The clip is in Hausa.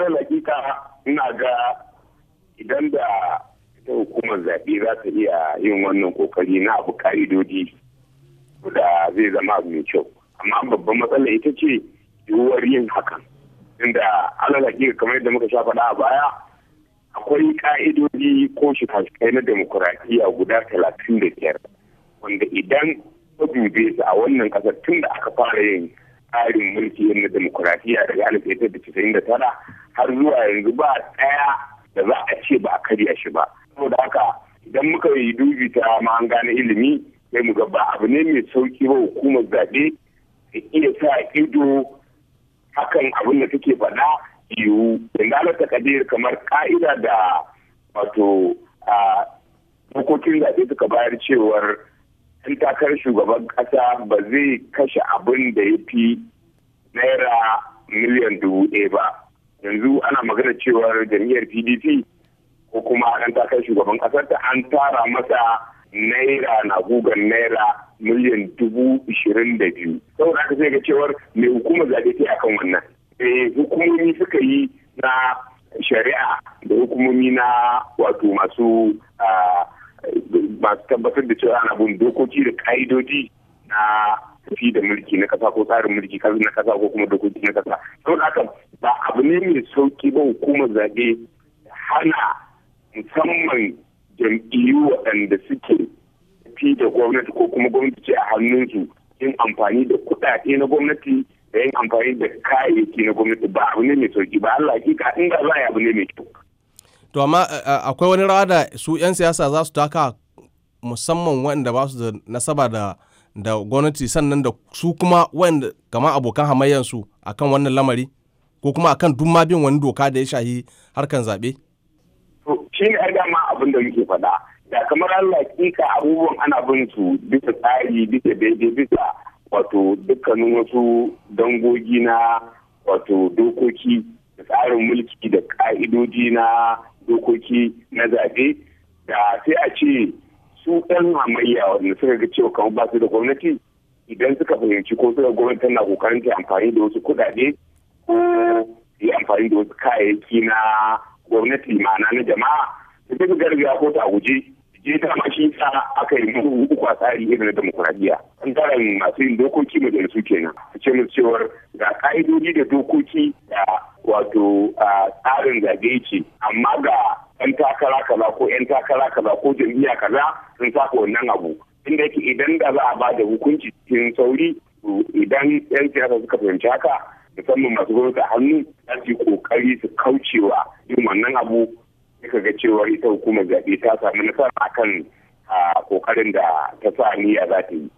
alal hakika ina ga idan da ita hukumar zaɓe za ta iya yin wannan kokari na abu ka'idodi da zai zama abu mai kyau amma babban matsala ita ce yiwuwar yin hakan inda alal hakika kamar yadda muka sha faɗa a baya akwai ka'idodi ko shikashikai na demokuraɗiyya guda talatin da biyar wanda idan ka dube su a wannan ƙasar tun da aka fara yin tsarin mulki na demokuraɗiyya daga alif da casa'in da tara har zuwa yanzu ba ɗaya da za a ce ba a karya shi ba saboda haka idan muka yi dubi ta ma an gane ilimi sai mu ga ba abu ne mai sauki ba hukumar zaɓe ta iya sa ido hakan abin da take faɗa yiwu dangane ta kadir kamar ka'ida da wato a dokokin zaɓe suka bayar cewar ɗan takarar shugaban ƙasa ba zai kashe abin da ya fi naira miliyan dubu ɗaya ba yanzu ana magana cewa jam'iyyar pdp ko kuma ɗan takarar shugaban ƙasar ta an tara masa naira na gugan naira miliyan dubu ishirin da biyu saboda haka sai ga cewar mai hukumar zaɓe ta akan wannan eh hukumomi suka yi na shari'a da hukumomi na wato masu masu tabbatar da cewa ana bin dokoki da ka'idoji na tafi da mulki na kasa ko tsarin mulki na kasa ko kuma dokoki na kasa ne mai sauki ba hukumar zaɓe hana musamman jam'iyyu waɗanda suke fi da gwamnati ko kuma gwamnati ce a hannunsu yin amfani da kuɗaɗe na gwamnati da yin amfani da kayayyaki na gwamnati ba abu ne mai sauki ba Allah ki ka inda za a abu ne mai kyau. To amma akwai wani rawa da su 'yan siyasa za su taka musamman waɗanda ba su da nasaba da da gwamnati sannan da su kuma waɗanda kama abokan hamayyansu akan wannan lamari? ko kuma akan duk ma bin wani doka da ya shahi harkan zaɓe? shi ne har dama abin da muke faɗa da kamar Allah kika abubuwan ana bin su bisa tsari bisa daidai bisa wato dukkanin wasu dangogi na wato dokoki da tsarin mulki da ka'idoji na dokoki na zaɓe da sai a ce su ɗan hamayya wanda suka ga cewa kamar ba su da gwamnati idan suka fahimci ko suka gwamnati tana kokarin ta amfani da wasu kuɗaɗe yi amfani da wasu kayayyaki na gwamnati ma'ana na jama'a da duk garbiya ko ta guje je ta mashi ta sa aka yi mu uku a tsari irin na demokuraɗiyya yin masu yin dokoki majalisu kenan a ce mu cewar ga ƙa'idodi da dokoki da wato tsarin zage ce. amma ga 'yan takara kaza ko 'yan takara kaza ko jam'iyya kaza sun saka wannan abu inda yake idan da za a ba da hukunci cikin sauri idan 'yan siyasa suka fahimci haka musamman masu gwamnati hannu za su yi kokari su kaucewa yin wannan abu ya ga cewa ita hukumar zaɓe ta sami nasara akan kokarin da ta sa niyya za ta yi